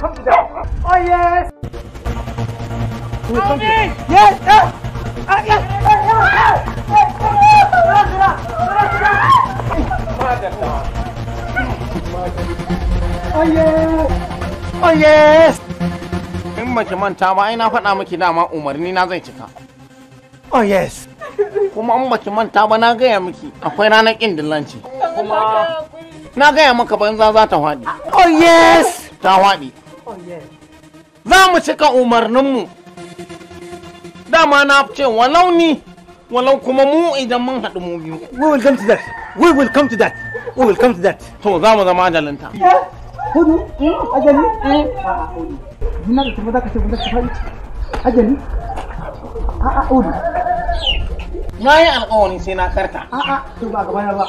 come to Oh, yes. Help me! Yes! yes. Ah, yes. Oh yes! Oh yes! In baki manta ba ai na faɗa miki dama umarni na zai cika. Oh yes! Kuma in baki manta ba na gaya miki akwai ranar ƙin dillanci. Kuma na gaya maka banza za ta faɗi. Oh yes! Ta faɗi. za mu cika umarninmu dama na ce walau ni walau kuma mu idan mun haɗu mu biyu we will come to that we will come to that we will come to that to za mu zama ajalinta eh, hudu eh, ajali a'a eh, hudu zina da tafi za ka ce guda tafi ajali a'a hudu na yi alkawari sai na karta a'a to ba gaba na ba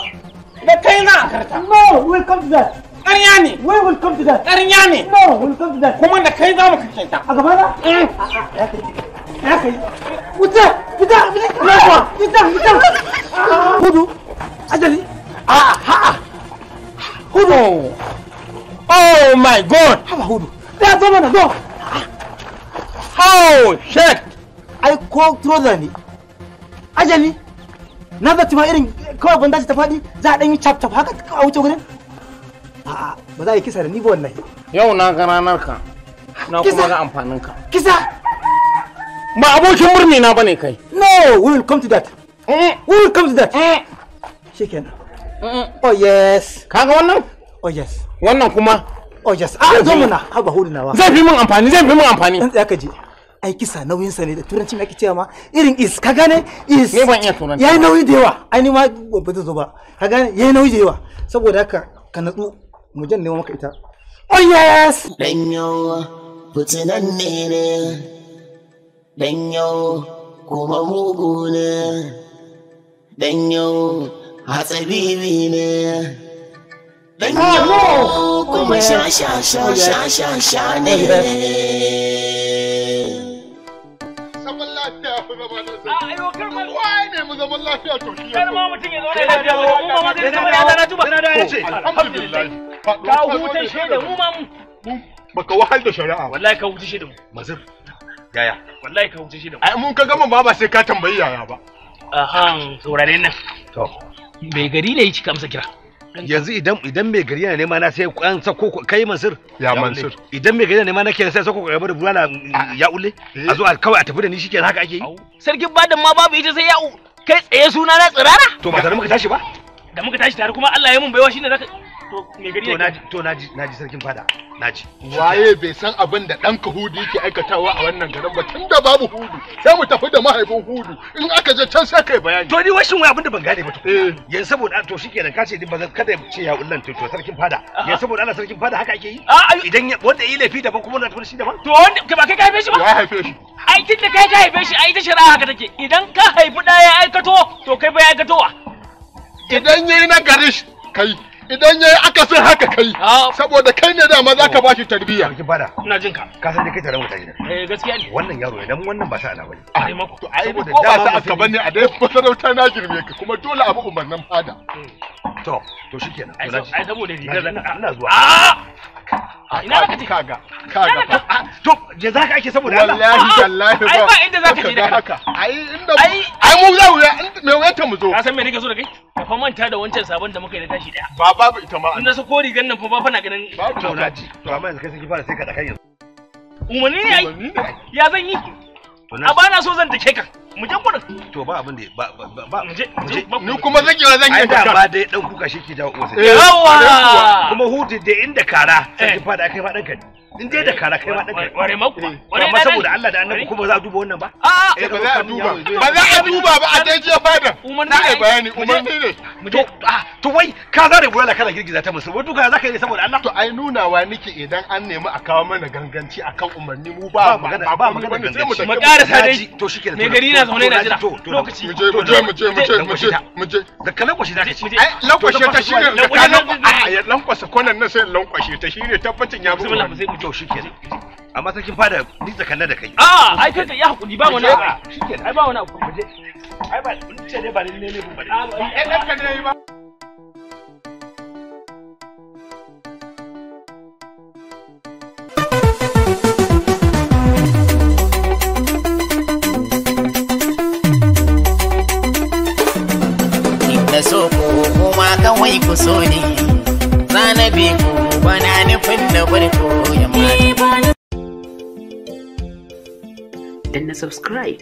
da kai na karta no we will come to that ƙarya ne wai will come to that ƙarya ne no will come to that kuma da kai za mu kashe ta a gaba na eh ya kai wuta wuta hudu ajali ah, ah, a a ah. hudu oh my god haba hudu ya zo mana go oh shit ai ko trouser ajali na zata ma irin kawai bandaji ta faɗi za a yi cap cap haka a wuce gurin A'a ba za a yi kisa da ni ba wallahi. Yau na ga ranar ka. Na kuma ga amfanin ka. Kisa! Ba abokin murni na bane kai. No, we will come to that. Eh? We will come to that. Eh? Shikenan. Oh yes. Kaga wannan? Oh yes. Wannan kuma? Oh yes. a ah, zo muna. Haba hulnawa. Ah. Zai fi mun amfani, zai fi mun amfani. Dan tsaya ka je. ai kisa nauyin sa ne da turanci mai cewa ma irin is ka gane is ne ban iya turanci yayi nauyi da yawa ai ni ma ba zo ba ka gane yayi nauyi da yawa saboda haka ka natsu mu jan nemo maka ita oh yes danyo fitinan ne ne danyo kuma mugu ne danyo hatsabibi ne danyo ah, kuma oh, oh, sha sha sha sha oh, sha sha ne zaman lafiya to shi ya zo. Kai ma mutum ya zo da lafiya ba kuma ma zai zama ya zana tuba. Alhamdulillah. ka hutar shaida mu ma mu baka wahal da shari'a wallahi ka hutar shaida mu mazir yaya wallahi ka hutar shaida mu ai mun ka gama ba, ba sai ka tambayi yaya ba ahan saurare nan to bai gari ne yake kamsa kira yanzu idan idan mai gari yana nema na sai an sako kai mansur ya mansur idan mai gari yana nema na ke sai sako gaba da bulala ya ule eh. a zo kawai a tafi da ni shikenan haka ake yi sarkin badan ma babu ita sai ya kai tsaye suna na tsirara to ba da muka tashi ba da muka tashi tare kuma Allah ya mun baiwa shine zaka to naji naji sarkin fada naji waye bai san abin da ɗanka hudu yake aikatawa a wannan garin ba tunda babu hudu sai mu tafi da mahaifin hudu in aka je can sai kai bayani to ni washin wani abin da ban gane ba to eh. yanzu saboda to shikenan ka ce din ba zan kada ce ya ullan to sarkin fada yanzu saboda Allah sarkin fada haka ake yi ah, idan wanda yi laifi daban kuma na tafi shi daban to wanda ba kai ka haife shi ba ya haife shi ai tunda kai ka haife shi ai ta shari'a haka take idan ka haifi ɗaya ya aikato to kai ba ya aikatowa idan yayi na garish kai idan yayi akasin haka kai saboda kai ne dama zaka ba shi tarbiyya ki bada ina jin ka ka san da kai ta gida eh gaskiya ne wannan yaro idan wannan ba sa ana bane ai mako to ai ko ba sa aka bane a dai masarauta na girme ka kuma dole abu nan fada hmm. to to shikenan ai saboda rigar Allah zuwa ah! Ah, ina ka kaga kaga ah, to je zaka ake saboda Allah wallahi wallahi ba ai ba inda zaka je da haka ai inda ai mu za me wata mu zo ka san me nake so da kai fa manta da wancan sabon da muka yi na tashi daya ba babu ita ma in na sako rigan nan fa ba fana ganin tauraji to amma yanzu kai sai fara sai ka kai yanzu umani ne ai ya zan yi a bana so zan take ka mu je gurin to ba abin da ba ba mu je ni kuma zan yi zan yi da ba dai dan kuka shi ki jawo uwarsa eh. yawa kuma hudu da inda kara sai ki eh. da kai fadan ka in dai da kara kai ma dan ware maku eh, ware saboda Allah da annabi kuma za a duba wannan ba a eh, ba za a duba ba za a duba ba a dai na ai bayani umarni ne Ah, to wai ka zare bulala kana girgiza ta musu wato ka zaka yi saboda Allah to ai nunawa nake idan an nemi a kawo mana ganganci akan umarni mu ba magana ba magana ganganci mu ƙara sa dai to shikenan me gari na zaune na jira lokaci mu je mu je mu je mu je mu je mu je da kalan kwashi da ci ai lankwashe ta shine da kalan ai lankwasa konan nan sai lankwashe ta shine tabbacin ya mu to shikenan amma sarkin fada ni tsakanna da kai a ah, ai kai ya hakuri ba wani abu shikenan ai ba wani abu mu je ai ba ce ne ba ne ne ba ne ba ne ba so ku kawai ku so ne zanabi ku bana nufin na barko yamma. na subscribe.